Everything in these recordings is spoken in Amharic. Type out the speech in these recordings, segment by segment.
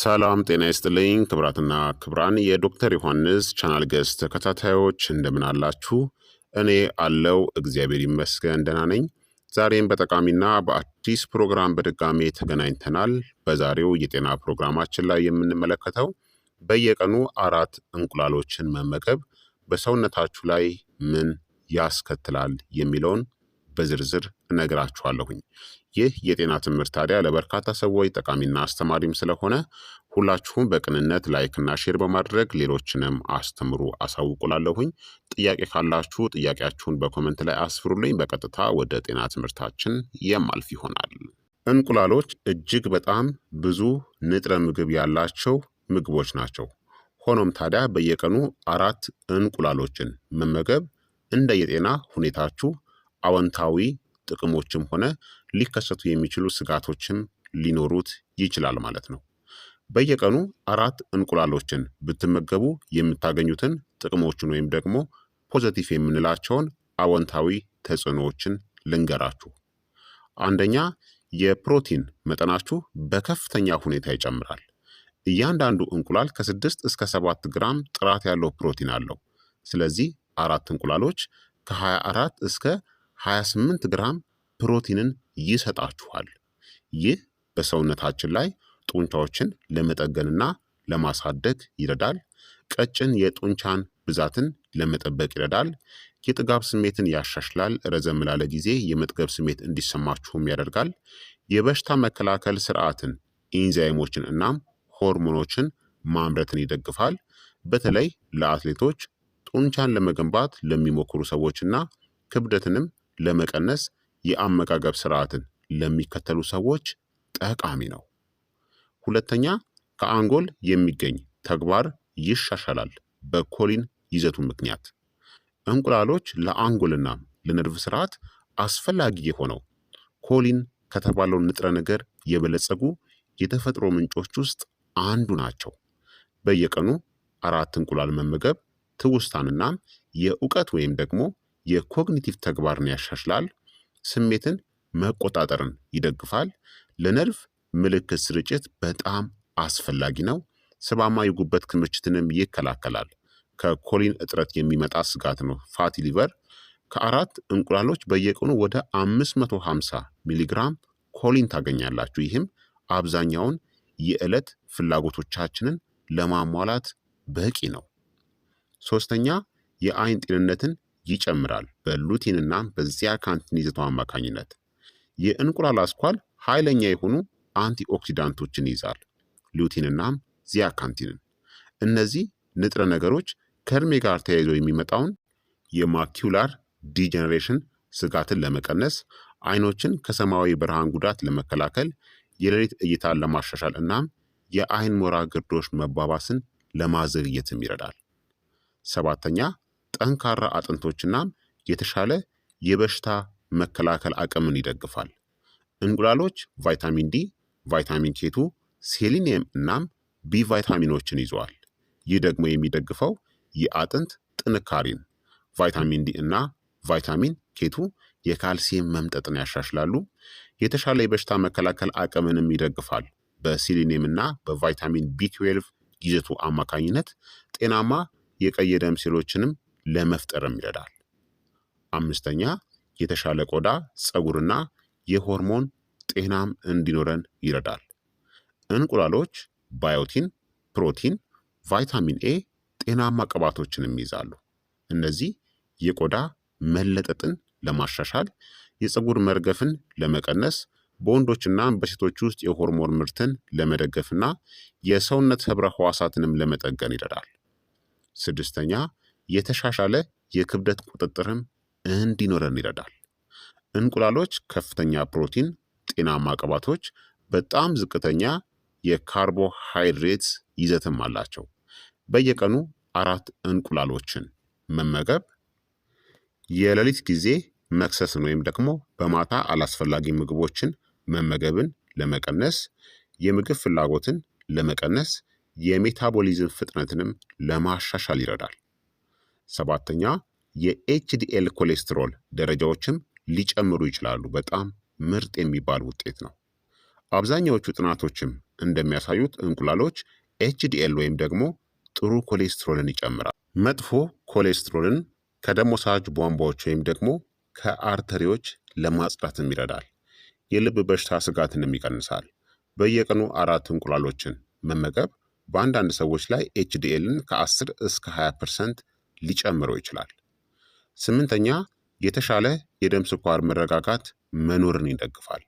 ሰላም ጤና ይስጥልኝ ክብራትና ክብራን የዶክተር ዮሐንስ ቻናል ገስ ተከታታዮች እንደምን አላችሁ? እኔ አለው እግዚአብሔር ይመስገን ደህና ነኝ። ዛሬም በጠቃሚና በአዲስ ፕሮግራም በድጋሜ ተገናኝተናል። በዛሬው የጤና ፕሮግራማችን ላይ የምንመለከተው በየቀኑ አራት እንቁላሎችን መመገብ በሰውነታችሁ ላይ ምን ያስከትላል የሚለውን በዝርዝር እነግራችኋለሁኝ። ይህ የጤና ትምህርት ታዲያ ለበርካታ ሰዎች ጠቃሚና አስተማሪም ስለሆነ ሁላችሁም በቅንነት ላይክና ሼር በማድረግ ሌሎችንም አስተምሩ አሳውቁላለሁኝ። ጥያቄ ካላችሁ ጥያቄያችሁን በኮመንት ላይ አስፍሩልኝ። በቀጥታ ወደ ጤና ትምህርታችን የማልፍ ይሆናል። እንቁላሎች እጅግ በጣም ብዙ ንጥረ ምግብ ያላቸው ምግቦች ናቸው። ሆኖም ታዲያ በየቀኑ አራት እንቁላሎችን መመገብ እንደ የጤና ሁኔታችሁ አዎንታዊ ጥቅሞችም ሆነ ሊከሰቱ የሚችሉ ስጋቶችም ሊኖሩት ይችላል ማለት ነው። በየቀኑ አራት እንቁላሎችን ብትመገቡ የምታገኙትን ጥቅሞችን ወይም ደግሞ ፖዘቲቭ የምንላቸውን አዎንታዊ ተጽዕኖዎችን ልንገራችሁ። አንደኛ የፕሮቲን መጠናችሁ በከፍተኛ ሁኔታ ይጨምራል። እያንዳንዱ እንቁላል ከስድስት እስከ ሰባት ግራም ጥራት ያለው ፕሮቲን አለው። ስለዚህ አራት እንቁላሎች ከ24 እስከ 28 ግራም ፕሮቲንን ይሰጣችኋል። ይህ በሰውነታችን ላይ ጡንቻዎችን ለመጠገንና ለማሳደግ ይረዳል። ቀጭን የጡንቻን ብዛትን ለመጠበቅ ይረዳል። የጥጋብ ስሜትን ያሻሽላል። ረዘም ላለ ጊዜ የመጥገብ ስሜት እንዲሰማችሁም ያደርጋል። የበሽታ መከላከል ስርዓትን፣ ኢንዛይሞችን እናም ሆርሞኖችን ማምረትን ይደግፋል። በተለይ ለአትሌቶች፣ ጡንቻን ለመገንባት ለሚሞክሩ ሰዎችና ክብደትንም ለመቀነስ የአመጋገብ ስርዓትን ለሚከተሉ ሰዎች ጠቃሚ ነው። ሁለተኛ ከአንጎል የሚገኝ ተግባር ይሻሻላል። በኮሊን ይዘቱ ምክንያት እንቁላሎች ለአንጎልና ለነርቭ ስርዓት አስፈላጊ የሆነው ኮሊን ከተባለው ንጥረ ነገር የበለጸጉ የተፈጥሮ ምንጮች ውስጥ አንዱ ናቸው። በየቀኑ አራት እንቁላል መመገብ ትውስታንና የእውቀት ወይም ደግሞ የኮግኒቲቭ ተግባርን ያሻሽላል፣ ስሜትን መቆጣጠርን ይደግፋል፣ ለነርቭ ምልክት ስርጭት በጣም አስፈላጊ ነው፣ ስባማ የጉበት ክምችትንም ይከላከላል። ከኮሊን እጥረት የሚመጣ ስጋት ነው። ፋቲ ሊቨር ከአራት እንቁላሎች በየቀኑ ወደ 550 ሚሊግራም ኮሊን ታገኛላችሁ። ይህም አብዛኛውን የዕለት ፍላጎቶቻችንን ለማሟላት በቂ ነው። ሶስተኛ የአይን ጤንነትን ይጨምራል በሉቲንና ካንቲን ይዘቷ አማካኝነት። የእንቁላል አስኳል ኃይለኛ የሆኑ አንቲ ኦክሲዳንቶችን ይይዛል፣ ሉቲንናም ዚያካንቲንን። እነዚህ ንጥረ ነገሮች ከእድሜ ጋር ተያይዞ የሚመጣውን የማኪውላር ዲጀኔሬሽን ስጋትን ለመቀነስ፣ አይኖችን ከሰማያዊ ብርሃን ጉዳት ለመከላከል፣ የሌሊት እይታን ለማሻሻል እናም የአይን ሞራ ግርዶሽ መባባስን ለማዘግየትም ይረዳል። ሰባተኛ ጠንካራ አጥንቶችና የተሻለ የበሽታ መከላከል አቅምን ይደግፋል። እንቁላሎች ቫይታሚን ዲ፣ ቫይታሚን ኬቱ፣ ሴሊኒየም እናም ቢ ቫይታሚኖችን ይዘዋል። ይህ ደግሞ የሚደግፈው የአጥንት ጥንካሬን፣ ቫይታሚን ዲ እና ቫይታሚን ኬቱ የካልሲየም መምጠጥን ያሻሽላሉ። የተሻለ የበሽታ መከላከል አቅምንም ይደግፋል። በሴሊኒየም እና በቫይታሚን ቢ12 ይዘቱ አማካኝነት ጤናማ የቀይ ደም ሴሎችንም ለመፍጠርም ይረዳል። አምስተኛ የተሻለ ቆዳ፣ ጸጉርና የሆርሞን ጤናም እንዲኖረን ይረዳል። እንቁላሎች ባዮቲን፣ ፕሮቲን፣ ቫይታሚን ኤ፣ ጤናማ ቅባቶችንም ይዛሉ። እነዚህ የቆዳ መለጠጥን ለማሻሻል የፀጉር መርገፍን ለመቀነስ በወንዶችና በሴቶች ውስጥ የሆርሞን ምርትን ለመደገፍና የሰውነት ህብረ ህዋሳትንም ለመጠገን ይረዳል። ስድስተኛ የተሻሻለ የክብደት ቁጥጥርም እንዲኖረን ይረዳል። እንቁላሎች ከፍተኛ ፕሮቲን፣ ጤናማ ቅባቶች፣ በጣም ዝቅተኛ የካርቦሃይድሬትስ ይዘትም አላቸው። በየቀኑ አራት እንቁላሎችን መመገብ፣ የሌሊት ጊዜ መክሰስን ወይም ደግሞ በማታ አላስፈላጊ ምግቦችን መመገብን ለመቀነስ፣ የምግብ ፍላጎትን ለመቀነስ፣ የሜታቦሊዝም ፍጥነትንም ለማሻሻል ይረዳል። ሰባተኛ የኤችዲኤል ኮሌስትሮል ደረጃዎችም ሊጨምሩ ይችላሉ። በጣም ምርጥ የሚባል ውጤት ነው። አብዛኛዎቹ ጥናቶችም እንደሚያሳዩት እንቁላሎች ኤችዲኤል ወይም ደግሞ ጥሩ ኮሌስትሮልን ይጨምራል። መጥፎ ኮሌስትሮልን ከደም ወሳጅ ቧንቧዎች ወይም ደግሞ ከአርተሪዎች ለማጽዳትም ይረዳል። የልብ በሽታ ስጋትንም ይቀንሳል። በየቀኑ አራት እንቁላሎችን መመገብ በአንዳንድ ሰዎች ላይ ኤችዲኤልን ከ10 እስከ 20 ፐርሰንት ሊጨምረው ይችላል። ስምንተኛ የተሻለ የደም ስኳር መረጋጋት መኖርን ይደግፋል።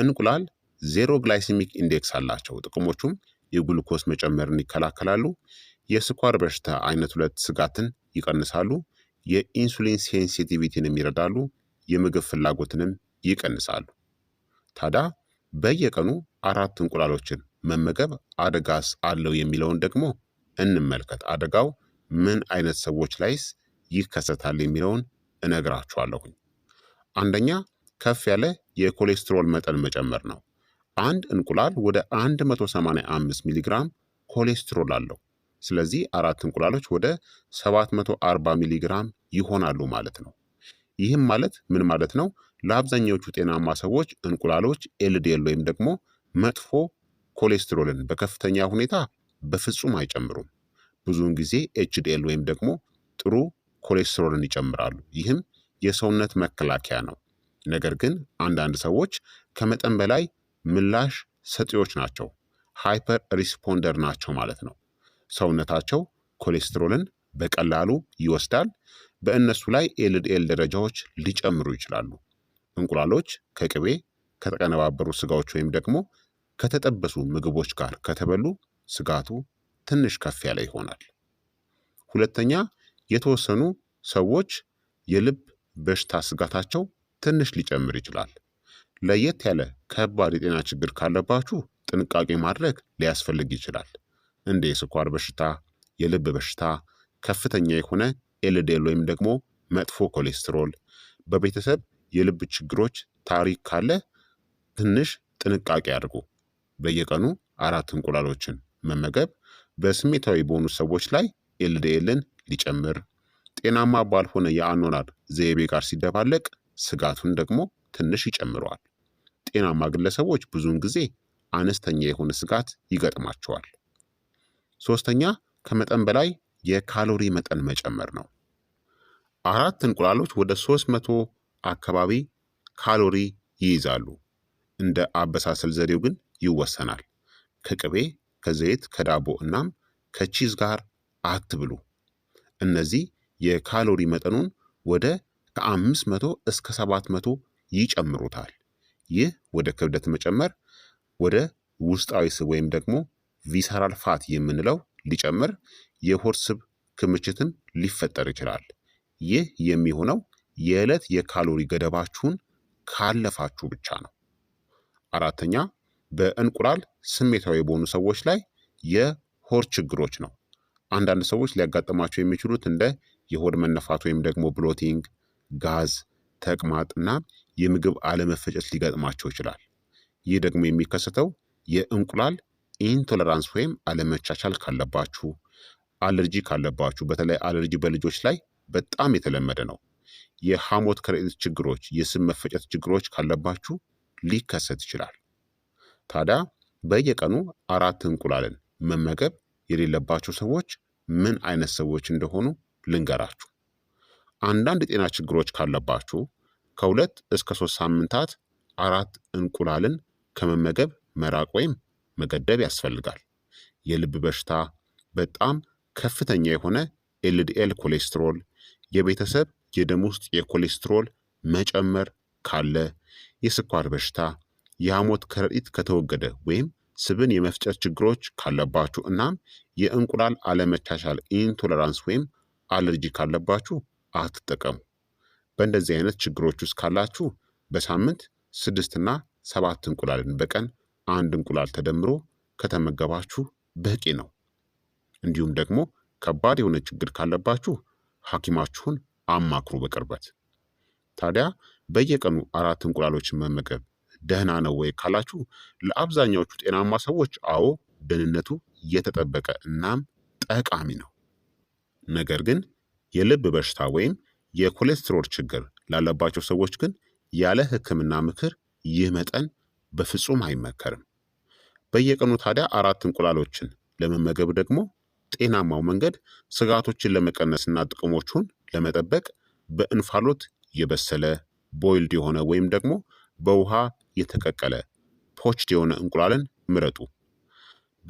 እንቁላል ዜሮ ግላይሲሚክ ኢንዴክስ አላቸው። ጥቅሞቹም የግሉኮስ መጨመርን ይከላከላሉ፣ የስኳር በሽታ አይነት ሁለት ስጋትን ይቀንሳሉ፣ የኢንሱሊን ሴንሲቲቪቲንም ይረዳሉ፣ የምግብ ፍላጎትንም ይቀንሳሉ። ታዲያ በየቀኑ አራት እንቁላሎችን መመገብ አደጋስ አለው የሚለውን ደግሞ እንመልከት። አደጋው ምን አይነት ሰዎች ላይስ ይከሰታል የሚለውን እነግራችኋለሁኝ። አንደኛ ከፍ ያለ የኮሌስትሮል መጠን መጨመር ነው። አንድ እንቁላል ወደ 185 ሚሊግራም ኮሌስትሮል አለው። ስለዚህ አራት እንቁላሎች ወደ 740 ሚሊግራም ይሆናሉ ማለት ነው። ይህም ማለት ምን ማለት ነው? ለአብዛኛዎቹ ጤናማ ሰዎች እንቁላሎች ኤልዲኤል ወይም ደግሞ መጥፎ ኮሌስትሮልን በከፍተኛ ሁኔታ በፍጹም አይጨምሩም። ብዙውን ጊዜ ኤችዲኤል ወይም ደግሞ ጥሩ ኮሌስትሮልን ይጨምራሉ። ይህም የሰውነት መከላከያ ነው። ነገር ግን አንዳንድ ሰዎች ከመጠን በላይ ምላሽ ሰጪዎች ናቸው፣ ሃይፐር ሪስፖንደር ናቸው ማለት ነው። ሰውነታቸው ኮሌስትሮልን በቀላሉ ይወስዳል። በእነሱ ላይ ኤልዲኤል ደረጃዎች ሊጨምሩ ይችላሉ። እንቁላሎች ከቅቤ ከተቀነባበሩ ስጋዎች ወይም ደግሞ ከተጠበሱ ምግቦች ጋር ከተበሉ ስጋቱ ትንሽ ከፍ ያለ ይሆናል። ሁለተኛ የተወሰኑ ሰዎች የልብ በሽታ ስጋታቸው ትንሽ ሊጨምር ይችላል። ለየት ያለ ከባድ የጤና ችግር ካለባችሁ ጥንቃቄ ማድረግ ሊያስፈልግ ይችላል። እንደ የስኳር በሽታ፣ የልብ በሽታ፣ ከፍተኛ የሆነ ኤልዴል ወይም ደግሞ መጥፎ ኮሌስትሮል፣ በቤተሰብ የልብ ችግሮች ታሪክ ካለ ትንሽ ጥንቃቄ አድርጉ። በየቀኑ አራት እንቁላሎችን መመገብ በስሜታዊ በሆኑ ሰዎች ላይ ኤልዲኤልን ሊጨምር፣ ጤናማ ባልሆነ የአኗኗር ዘይቤ ጋር ሲደባለቅ ስጋቱን ደግሞ ትንሽ ይጨምረዋል። ጤናማ ግለሰቦች ብዙውን ጊዜ አነስተኛ የሆነ ስጋት ይገጥማቸዋል። ሶስተኛ ከመጠን በላይ የካሎሪ መጠን መጨመር ነው። አራት እንቁላሎች ወደ 300 አካባቢ ካሎሪ ይይዛሉ። እንደ አበሳሰል ዘዴው ግን ይወሰናል። ከቅቤ ከዘይት ከዳቦ እናም ከቺዝ ጋር አትብሉ። እነዚህ የካሎሪ መጠኑን ወደ ከ500 እስከ 700 መቶ ይጨምሩታል። ይህ ወደ ክብደት መጨመር ወደ ውስጣዊ ስብ ወይም ደግሞ ቪሰራል ፋት የምንለው ሊጨምር የሆድ ስብ ክምችትም ሊፈጠር ይችላል። ይህ የሚሆነው የዕለት የካሎሪ ገደባችሁን ካለፋችሁ ብቻ ነው። አራተኛ በእንቁላል ስሜታዊ በሆኑ ሰዎች ላይ የሆድ ችግሮች ነው። አንዳንድ ሰዎች ሊያጋጥማቸው የሚችሉት እንደ የሆድ መነፋት ወይም ደግሞ ብሎቲንግ፣ ጋዝ፣ ተቅማጥ የምግብ አለመፈጨት ሊገጥማቸው ይችላል። ይህ ደግሞ የሚከሰተው የእንቁላል ኢንቶለራንስ ወይም አለመቻቻል ካለባችሁ፣ አለርጂ ካለባችሁ፣ በተለይ አለርጂ በልጆች ላይ በጣም የተለመደ ነው። የሐሞት ከረጢት ችግሮች፣ የስብ መፈጨት ችግሮች ካለባችሁ ሊከሰት ይችላል። ታዲያ በየቀኑ አራት እንቁላልን መመገብ የሌለባቸው ሰዎች ምን አይነት ሰዎች እንደሆኑ ልንገራችሁ። አንዳንድ የጤና ችግሮች ካለባችሁ ከሁለት እስከ ሶስት ሳምንታት አራት እንቁላልን ከመመገብ መራቅ ወይም መገደብ ያስፈልጋል። የልብ በሽታ፣ በጣም ከፍተኛ የሆነ ኤልዲኤል ኮሌስትሮል፣ የቤተሰብ የደም ውስጥ የኮሌስትሮል መጨመር ካለ፣ የስኳር በሽታ፣ የሐሞት ከረጢት ከተወገደ ወይም ስብን የመፍጨት ችግሮች ካለባችሁ እናም የእንቁላል አለመቻቻል ኢንቶለራንስ ወይም አለርጂ ካለባችሁ አትጠቀሙ። በእንደዚህ አይነት ችግሮች ውስጥ ካላችሁ በሳምንት ስድስትና ሰባት እንቁላልን በቀን አንድ እንቁላል ተደምሮ ከተመገባችሁ በቂ ነው። እንዲሁም ደግሞ ከባድ የሆነ ችግር ካለባችሁ ሐኪማችሁን አማክሩ በቅርበት። ታዲያ በየቀኑ አራት እንቁላሎችን መመገብ ደህና ነው ወይ ካላችሁ ለአብዛኛዎቹ ጤናማ ሰዎች አዎ፣ ደህንነቱ የተጠበቀ እናም ጠቃሚ ነው። ነገር ግን የልብ በሽታ ወይም የኮሌስትሮል ችግር ላለባቸው ሰዎች ግን ያለ ሕክምና ምክር ይህ መጠን በፍጹም አይመከርም። በየቀኑ ታዲያ አራት እንቁላሎችን ለመመገብ ደግሞ ጤናማው መንገድ ስጋቶችን ለመቀነስና ጥቅሞቹን ለመጠበቅ በእንፋሎት የበሰለ ቦይልድ የሆነ ወይም ደግሞ በውሃ የተቀቀለ ፖችድ የሆነ እንቁላልን ምረጡ።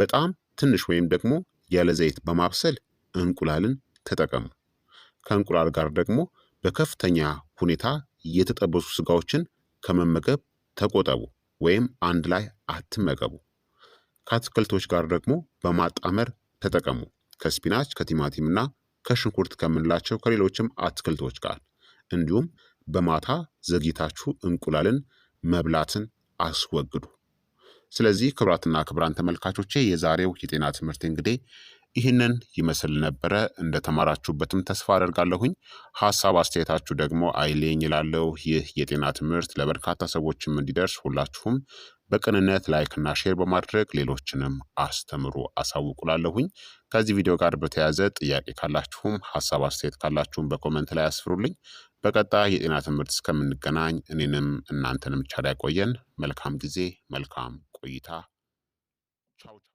በጣም ትንሽ ወይም ደግሞ ያለ ዘይት በማብሰል እንቁላልን ተጠቀሙ። ከእንቁላል ጋር ደግሞ በከፍተኛ ሁኔታ የተጠበሱ ስጋዎችን ከመመገብ ተቆጠቡ ወይም አንድ ላይ አትመገቡ። ከአትክልቶች ጋር ደግሞ በማጣመር ተጠቀሙ። ከስፒናች ከቲማቲምና ከሽንኩርት ከምንላቸው ከሌሎችም አትክልቶች ጋር እንዲሁም በማታ ዘግይታችሁ እንቁላልን መብላትን አስወግዱ። ስለዚህ ክብራትና ክብራን ተመልካቾቼ የዛሬው የጤና ትምህርት እንግዲህ ይህንን ይመስል ነበረ። እንደተማራችሁበትም ተስፋ አደርጋለሁኝ። ሀሳብ አስተያየታችሁ ደግሞ አይሌኝ ይላለው። ይህ የጤና ትምህርት ለበርካታ ሰዎችም እንዲደርስ ሁላችሁም በቅንነት ላይክና ሼር በማድረግ ሌሎችንም አስተምሩ፣ አሳውቁላለሁኝ። ከዚህ ቪዲዮ ጋር በተያያዘ ጥያቄ ካላችሁም ሀሳብ አስተያየት ካላችሁም በኮመንት ላይ አስፍሩልኝ። በቀጣይ የጤና ትምህርት እስከምንገናኝ እኔንም እናንተንም ቻላ ያቆየን። መልካም ጊዜ፣ መልካም ቆይታ። ቻው።